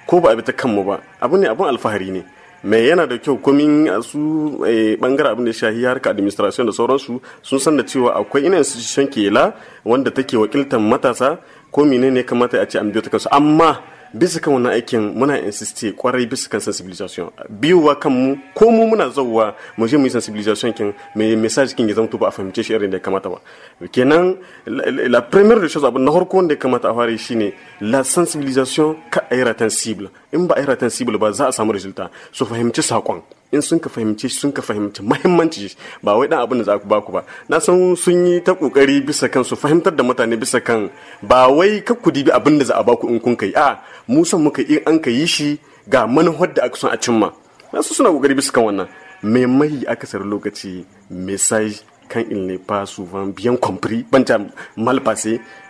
ko ba a bi ta kanmu ba abu ne abun alfahari ne mai yana da kyau komin a su bangare eh, abin da shahi harka administration da sauransu sun san da cewa akwai ina institution kela wanda take wakiltar matasa ko menene ne kamata a ce an biyo ta kansu amma bisa kan wannan aikin muna insiste kwarai bisa kan sensibilisation biyuwa kan mu ko mu muna zauwa mu je mu yi sensibilisation kin me message kin ya zama ba a fahimce shi irin da kamata ba kenan la première des choses abin na farko wanda ya kamata a fara shine la sensibilisation ka a tan cible in ba a yi ratan sibil ba za a samu resulta su fahimci sakon in sun ka fahimci sun ka fahimci mahimmanci ba wai dan abin da za ku baku ba na san sun yi ta kokari bisa kan su fahimtar da mutane bisa kan ba wai ka ku dibi abin da za a baku in kun kai a mu san muka in an ka yi shi ga manuhar da aka son a cimma na su suna kokari bisa kan wannan mai mai akasar lokaci message kan in ne pas souvent bien compris ban ta mal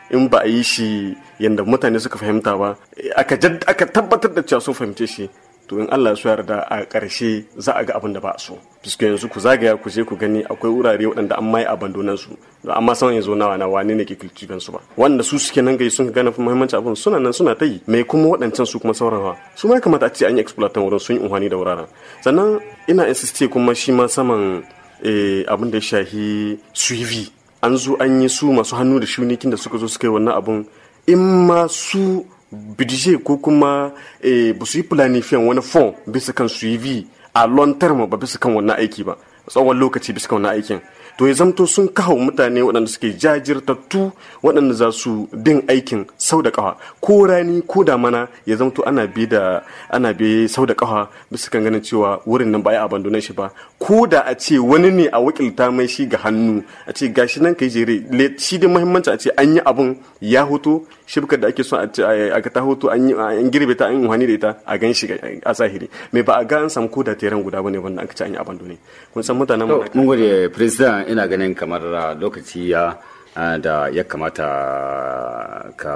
in ba a yi shi yadda mutane suka fahimta ba aka tabbatar da cewa sun fahimce shi to in Allah su yarda a ƙarshe za a ga abin da ba a so fiske yanzu ku zagaya ku je ku gani akwai wurare waɗanda an mai abandonan su da amma sama yanzu nawa na wane ne ke kulciban su ba wanda su suke nan gai sun gane muhimmanci abin suna nan suna ta yi mai kuma waɗancan su kuma sauran su ma kamata a ce an yi exploitation wurin sun yi unhani da wuraren sannan ina insiste kuma shi ma saman eh, abin da ya shahi suivi an zo an yi su masu hannu da shunikin da suka zo suka yi wannan abun in ma su bidije ko kuma eh, ba su yi planifiyan wani fon bisa kan su yi a long term ba bisa kan wannan aiki ba tsawon lokaci bisa wannan aikin to ya zamto sun kawo mutane waɗanda suke jajirtattu waɗanda za su bin aikin sau da ƙawa ko rani ko damana ya zamto ana bi da ana bi sau da ƙawa bisa kan ganin cewa wurin nan ba ya abandonan shi ba ko da a ce wani ne a wakilta mai shi ga hannu a ce gashi nan kai jere shi da muhimmanci a ce an yi abun ya hoto shibkar da ake son a ga ta hoto an girbe ta an yi wani da ita a gan shi a zahiri me ba a ga an samu ko da teran guda ba ne wanda aka ce an yi abandone kun mutanen mu mun gode president ina ganin kamar ah, lokaci ya ah, da ya kamata ah, ka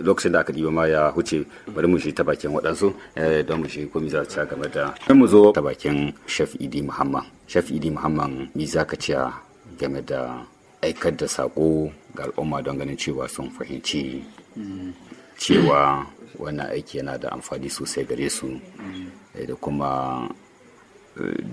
lokacin da aka ɗiba ma ya huce bari mu shi ta bakin waɗansu eh, don mu shi ko mi za ta game da mu zo ta bakin chef idi muhammad chef idi muhammad mi za ka ciya game da aikar da sako ga al'umma don ganin cewa sun fahimci cewa wannan aiki yana da amfani sosai gare su eh, da kuma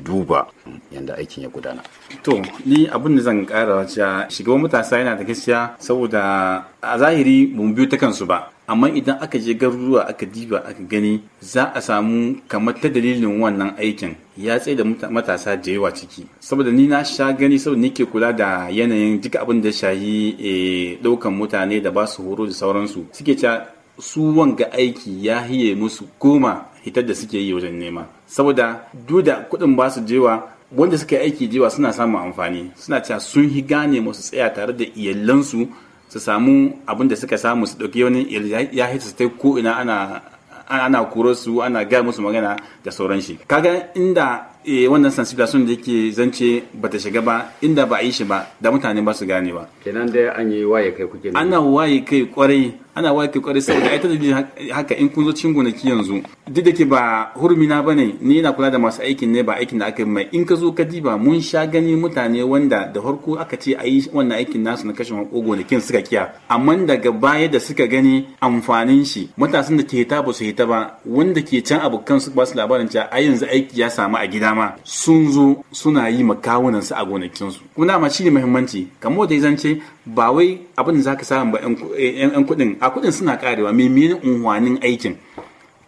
duba yadda aikin ya gudana. To, ni abin da zan kara shiga shugaban matasa yana da gaskiya saboda a zahiri mun biyu ta kansu ba. Amma idan aka je garuruwa aka diba aka gani za a samu kamar ta dalilin wannan aikin ya tsaye da matasa da yawa ciki. Saboda ni na sha gani saboda nake kula da yanayin duka abin da shahi eh, ɗaukan mutane da ba su horo da sauransu. Suke ca su wanga aiki ya hiye musu goma hitar da suke yi wajen nema saboda duda da kuɗin ba su jewa wanda suka yi aiki jewa suna samun amfani suna cewa sun yi gane masu tsaya tare da iyalansu su samu abin da suka samu su ɗauki wani ya hita su ta ko ina ana ana koro su ana gaya musu magana da sauran shi kaga inda e, wannan sun da yake zance bata shiga ba inda ba a yi shi ba da mutane ba su gane ba kenan dai an yi waye kai kuke ana waye kai kwarai ana wake kokari saboda ai ta haka in kun zo cikin gonaki yanzu duk da ke ba hurmina ba ne ni ina kula da masu aikin ne ba aikin da aka yi mai in ka zo ka ji ba mun sha gani mutane wanda da farko aka ce a yi wannan aikin nasu na kashe hako gonakin suka kiya amma daga baya da suka gani amfanin shi matasan da ke hita ba su hita ba wanda ke can abokan su ba su labarin cewa a yanzu aiki ya samu a gida ma sun zo suna yi makawunan su a gonakinsu kuma ma shi muhimmanci kamar da zance ba wai abin da zaka samu ba eh, yan kuɗin a kuɗin suna karewa menene unhwanin aikin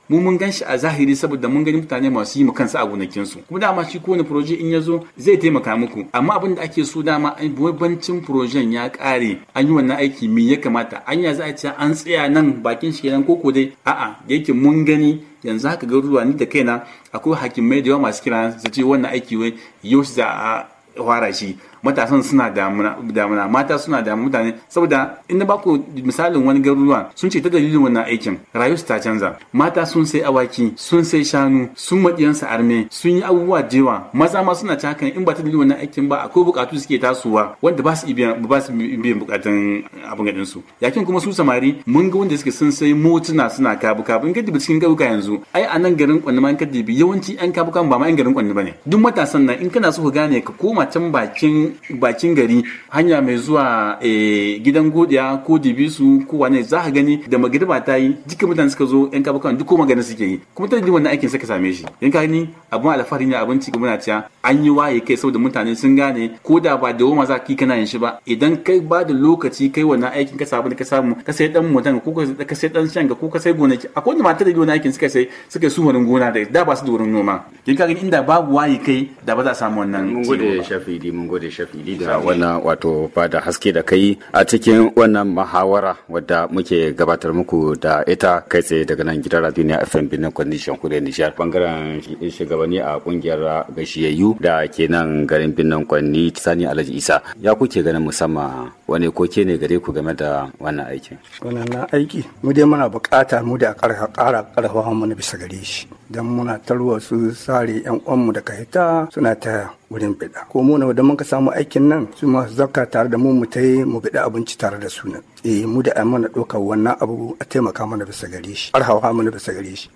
mu mun gan shi a zahiri saboda mun gani mutane masu yi kansa a gonakinsu kuma dama shi kowane proje in ya zo zai taimaka muku amma abin da ake so dama bambancin projen ya kare an yi wannan aiki me ya kamata an ya za a ce an tsaya nan bakin shi kenan koko dai a'a da yake mun gani yanzu haka ga ruwa ni da kaina akwai hakimai da yawa masu kira su ce wannan aiki wai yau za a fara shi matasan suna damuna mata suna damuna mutane saboda inda ba baku misalin wani garuruwa sun ce ta dalilin wannan aikin rayu ta canza mata sun sai awaki sun sai shanu sun maɗiyansa arme sun yi abubuwa jewa maza ma suna cakan in ba ta dalilin wannan aikin ba akwai bukatu suke tasowa wanda ba su ba su biyan bukatun abin gadin su yakin kuma su samari mun ga wanda suke sun sai motuna suna kabu kabu in ka dubi cikin garuka yanzu ai a nan garin kwanne ma in ka dubi yawanci yan kabu kabu ba ma yan garin kwanne ne duk matasan nan in kana so ka gane ka koma can bakin bakin gari hanya mai zuwa eh, gidan godiya ko dibisu ko wane za ka gani da magidaba ta yi dukkan mutane suka zo yan kan duk ko magana suke yi kuma ta wannan aikin suka same shi yan ka gani abun alfahari ne abinci ga muna cewa an yi waye kai saboda mutane sun gane ko da ba da woma za ka kana yin shi ba idan kai ba da lokaci kai wannan aikin ka samu da ka samu ka sai dan motan ko ka sai dan shan ko ka sai gonaki akwai wanda mata da wannan aikin suka sai suka su wurin gona da da ba su da wurin noma kin ka gani inda babu waye kai da ba za a samu wannan mun gode shafi mun gode shafi shafili da wannan wato ba da haske da kai a cikin wannan mahawara wadda muke gabatar muku da ita kai tsaye daga nan gidan radio ne FM Benin Condition Nijar bangaren shugabanni a kungiyar gashiyayyu da ke nan garin Benin Kwanni Sani Alhaji Isa ya kuke ganin musamman wani ke ne gare ku game da wannan aikin wannan aiki mu dai muna bukata mu da ƙara ƙara mu na bisa gare shi dan muna tarwa su sare yan mu da hita suna ta wurin bida ko mu na da muka samu aikin nan su ma zakka tare da mu mu ta yi mu bida abinci tare da su eh mu da mana ɗaukar wannan abu a taimaka mana bisa gare shi arhawa na bisa gare shi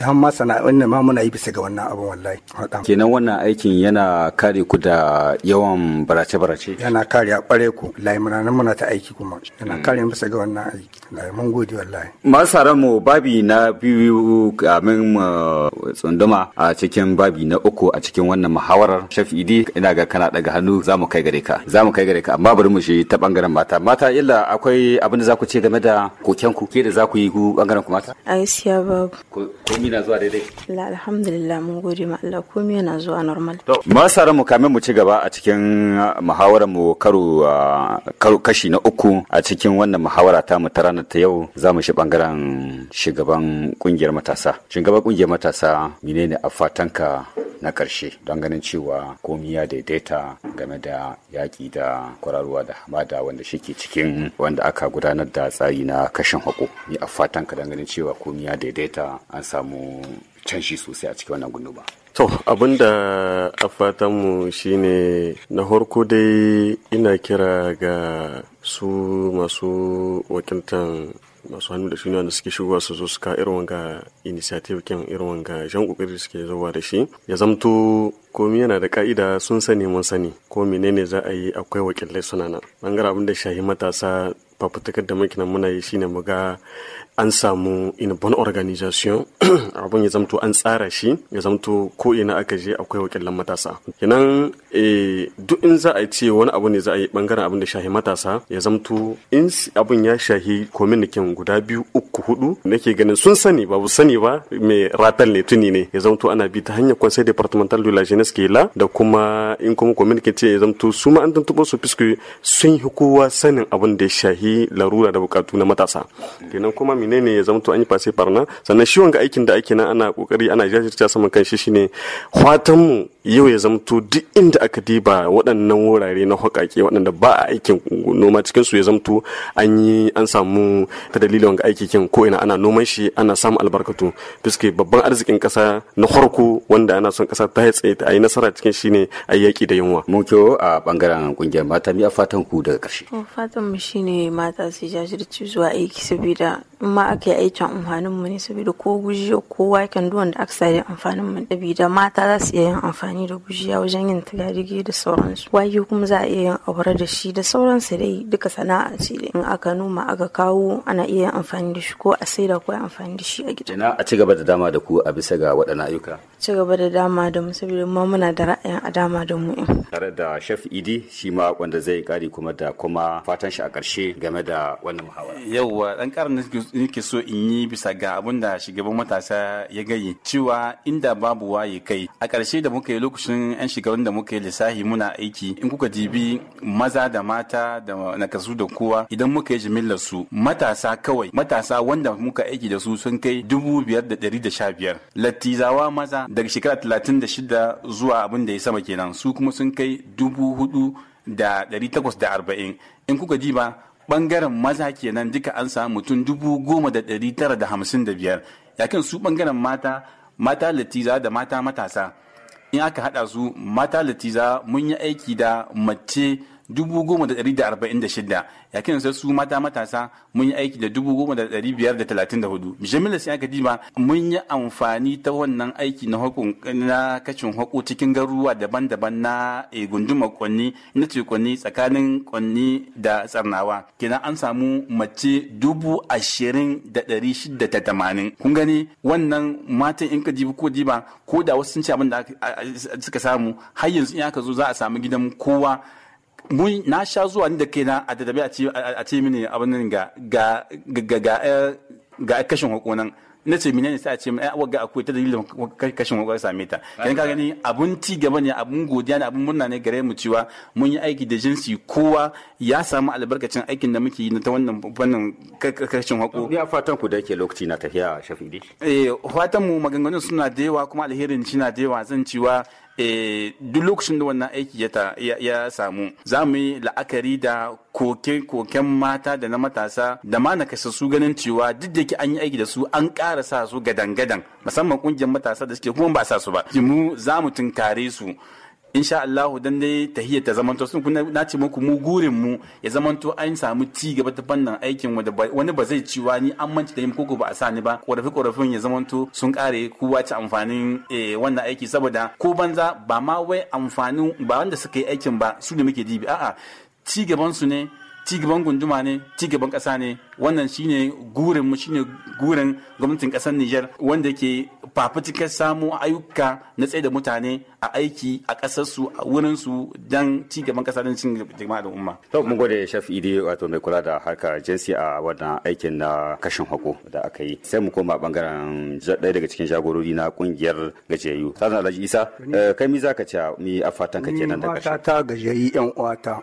har ma na nan ma muna yi bisa ga wannan abin wallahi kenan wannan aikin yana kare ku da yawan barace barace yana kare a kware ku lai nan muna ta aiki kuma yana kare mu bisa ga wannan aiki Layi mun gode wallahi masu mu babi na biyu min tsunduma a cikin babi na uku a cikin wannan muhawarar idi ina ga kana daga hannu za mu kai gare ka za mu kai gare ka amma bari mu shi ta bangaren mata mata illa akwai abin da za ku ce game da koken ku ke da za ku yi ku bangaren ku mata a gaskiya babu komi na zuwa daidai alhamdulillah mun gode ma Allah komi yana zuwa normal to masara mu kamin mu ci gaba a cikin ah, muhawarar mu ah, karo kashi na uku a cikin wannan muhawara ta mu tarana ta yau za mu shi bangaren shugaban kungiyar matasa shugaban kungiyar matasa menene a fatanka na karshe don ganin cewa komi ya daidaita game da yaƙi da kwararwa da hamada wanda shi ke cikin wanda aka gudanar da tsari na kashin haƙo ni a fatanka don ganin cewa komi ya daidaita an samu canshi sosai a cikin wannan gundu ba. To abin da a fatanmu ne na harko dai ina kira ga su masu wakiltan masu hannu da shuni wanda suke shigowa su zo suka irin wanga initiative kyan irin wanga jan kokari suke zuwa da shi ya zamto komi yana da ka'ida sun sani mun sani ko menene za a yi akwai wakilai suna nan bangaren abin da shahi matasa fafutukar da makinan muna yi shine mu ga an samu in bon organization abin ya zamto an tsara shi ya zamto ko ina aka je akwai wakilan matasa kenan eh, duk in za a ce wani abu ne za a yi bangaren abin da shahi matasa ya zamto in abin ya shahi kominikin guda biyu uku hudu nake ganin sun sani ba bu sani ba mai ratal ne tuni ne ya zamto ana bi ta hanyar conseil departemental de la jeunesse ke la da kuma in kuma kominikin ce ya zamto su ma an tuntuɓo su fiske sun yi kowa sanin abin da ya shahi larura da bukatu na matasa kenan kuma menene ya zama to an yi fase barna sannan shi wanga aikin da ake nan ana kokari ana jajirta saman kan shi shine fatan mu yau ya zama to duk inda aka diba waɗannan wurare na hukake waɗanda ba a aikin noma cikin su ya zama to an yi an samu ta dalilin wanga aiki kin ko ina ana noman shi ana samu albarkatu fiske babban arzikin kasa na farko wanda ana son kasa ta tsaye ta yi nasara cikin shine a yaki da yunwa mun a bangaren kungiyar mata mi a fatan ku daga ƙarshe fatan mu shine mata su jajirce zuwa aiki saboda ma aka yi aikin amfanin mu ne saboda ko gujiya ko waken duwan da aka sare amfanin mu da mata za su iya yin amfani da gujiya wajen yin tagarige da sauransu wake kuma za a iya yin aure da shi da sauransu dai duka sana'a ce in aka noma aka kawo ana iya yin amfani da shi ko a saida ko amfani da shi a gida ina a ci gaba da dama da ku a bisa ga waɗannan ayyuka ci gaba da dama da mu saboda ma muna da ra'ayin a dama da mu tare da chef Idi shi ma wanda zai kari kuma da kuma fatan shi a ƙarshe game da wannan muhawara yauwa dan karin nake so in yi bisa ga abin da shugaban matasa ya gayi cewa inda babu waye kai a ƙarshe da muka yi lokacin 'yan shekarun da muka yi lissahi muna aiki in kuka dibi maza da mata da nakasu da kowa idan muka yi jimillar su matasa kawai matasa wanda muka aiki da su sun kai dubu biyar da ɗari da sha biyar lattizawa maza daga shekara talatin da shida zuwa abin da ya sama kenan su kuma sun kai dubu hudu da ɗari takwas da arba'in in kuka ji ba bangaren maza kenan duka an samu mutum dubu goma da ɗari tara da hamsin da biyar yakin su bangaren mata mata latiza da mata matasa in aka haɗa su mata latiza mun yi aiki da mace dubu goma da da arba'in da shida su mata matasa mun yi aiki da dubu goma da biyar da talatin da hudu sai aka dima mun yi amfani ta wannan aiki na kacin hako cikin garuruwa daban-daban na eh, gunduma kwanni na ce kwanni tsakanin kwanni da tsarnawa Kina an samu mace dubu ashirin da shida da tamanin kun gani wannan matan in ka jibi ko jiba ko da wasu sun ci abin da suka samu har yanzu in aka zo za a samu gidan kowa mun na sha zuwa ni da kaina a dadabe a ce mini abin nan ga ga ga ga ga eh, kashin hukunan na ce menene sai a ce awa eh, ga akwai ta dalilin kashin hukunan same ta kan ka gani abun ci gaba ne abun godiya ne abun murna ne gare mu cewa mun yi aiki da jinsi kowa ya samu albarkacin aikin da muke yi na ta wannan fannin kashin hukun ni a fatan ku da yake lokaci na tafiya shafi'i eh fatan mu maganganun suna da yawa kuma alherin shi na da yawa zan cewa Eh, duk lokacin da wannan aiki ya samu za mu yi la'akari da koken mata da na matasa da ma na su ganin cewa duk da ke an yi aiki da su an ƙara sa su gadan-gadan musamman ƙungiyar matasa da suke kuma ba sa su ba mu za mu tunkare su insha Allah dan dai tahiyya ta to sun kuna na ce muku mu gurin mu ya zamanto an samu ci gaba ta fannin aikin wanda wani ba zai ci ni an manta da ko ba a sa ba korafi korafin ya to sun kare kowa ci amfanin eh, wannan aiki saboda ko banza ba ma wai amfanin ba wanda suka yi aikin ba su ne muke dibi a'a ci gaban su ne ci gaban gunduma ne ci gaban ƙasa ne wannan shine gurin mu shine gurin gwamnatin kasar Nijar wanda ke fafutukar samu ayyuka na tsaye da mutane a aiki a ƙasar su, a wurin su, dan ci gaban ƙasa don cin jama'a da umma. To mun gode Chef Idi wato mai kula da harka jinsi a wannan aikin na kashin hako da aka yi. Sai mu koma bangaren ɗaya daga cikin jagorori na ƙungiyar gajiyayyu. Sazan Alhaji Isa eh, kai mi zaka ci mi a fatan ka kenan mm. da kashin. ta gajiyayyi yan uwata.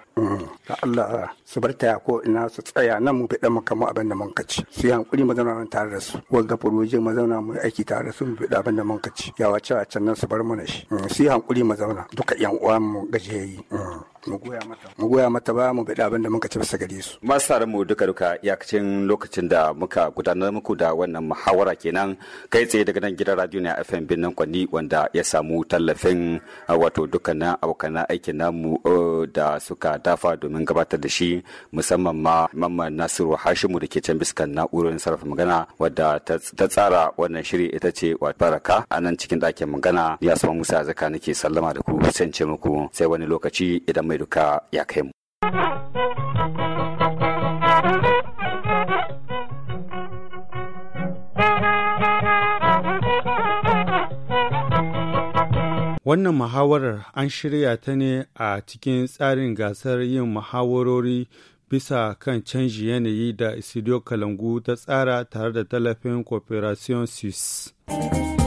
Ta Allah su bar ta ko ina su tsaya nan mu fiɗa mu kama abin da mun kaci. Su yi hankuri mu zauna tare da su. Wanga furoje mu zauna mu aiki tare da su mu fiɗa abin da mun kaci. Yawa cewa can nan su bar mu na shi. Mm, hankuri mu zauna duka yan uwa mu gajiyayi mm. mu goya mata mu goya mata ba mu bada abin da muka ci bisa gare su masu mu duka duka yakacin lokacin da muka gudanar muku da wannan muhawara kenan kai tsaye daga nan gidan radio ne FM binnan Kwani wanda ya samu tallafin wato dukkanin abokan aikin namu da suka dafa domin gabatar da shi musamman ma Mamman Nasiru Hashimu da ke can biskan na'urorin sarrafa magana wadda ta tsara wannan shiri ita ce wato baraka a nan cikin ɗakin magana ya Musa Zaka nake sallama da ku sai muku sai wani lokaci idan mai duka ya kai mu. Wannan muhawarar an shirya ta ne a cikin tsarin gasar yin muhawarori bisa kan canji yanayi da Isidio Kalangu ta tsara tare da tallafin Cooperation Suisse.